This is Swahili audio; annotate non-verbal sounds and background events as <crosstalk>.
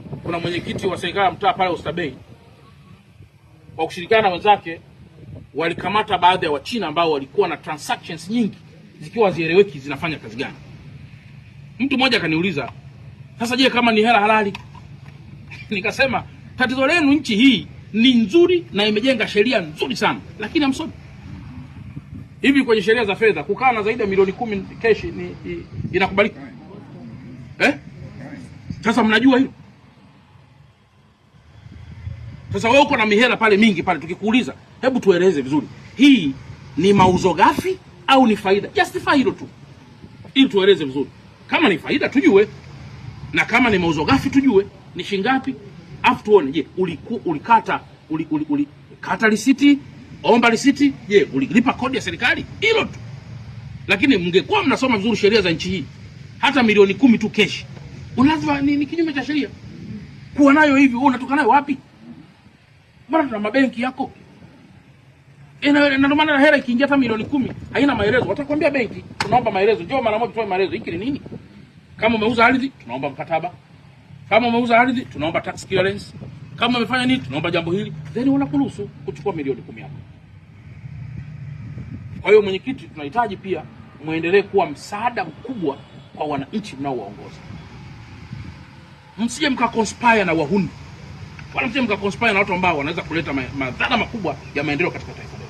kuna mwenyekiti wa serikali ya mtaa pale Oysterbay kwa kushirikiana na wenzake walikamata baadhi ya Wachina ambao walikuwa na transactions nyingi zikiwa zieleweki zinafanya kazi gani. Mtu mmoja akaniuliza, sasa je, kama ni hela halali? <laughs> Nikasema tatizo lenu, nchi hii ni nzuri na imejenga sheria nzuri sana, lakini hamsomi. Hivi kwenye sheria za fedha kukaa na zaidi ya milioni kumi keshi ni, inakubalika eh? Sasa mnajua hiyo sasa wewe uko na mihela pale mingi pale, tukikuuliza hebu tueleze vizuri, hii ni mauzo ghafi au ni faida? Justify hilo tu, ili tueleze vizuri. Kama ni faida tujue, na kama ni mauzo ghafi tujue ni shingapi, afu tuone, je, uliku, ulikata uli, uli, uli, kata risiti, omba risiti, je, ulilipa kodi ya serikali? Hilo tu. Lakini mngekuwa mnasoma vizuri sheria za nchi hii, hata milioni kumi tu keshi unazwa ni, ni kinyume cha sheria. Kuwa nayo hivi wewe unatoka nayo wapi? Mbona tuna mabenki yako? Ndio maana hela ikiingia hata milioni kumi haina maelezo, watakwambia benki, tunaomba maelezo. Njoo mara moja tutoe maelezo, hiki ni nini? Kama umeuza ardhi, tunaomba mkataba. Kama umeuza ardhi, tunaomba tax clearance. Kama umefanya nini, tunaomba jambo hili, then wanakuruhusu kuchukua milioni kumi hapo. Kwa hiyo, mwenyekiti, tunahitaji pia muendelee kuwa msaada mkubwa kwa wananchi mnaowaongoza, msije mkakonspire na wahuni wala msije mkakonspire na watu ambao wanaweza kuleta madhara makubwa ya maendeleo katika taifa letu.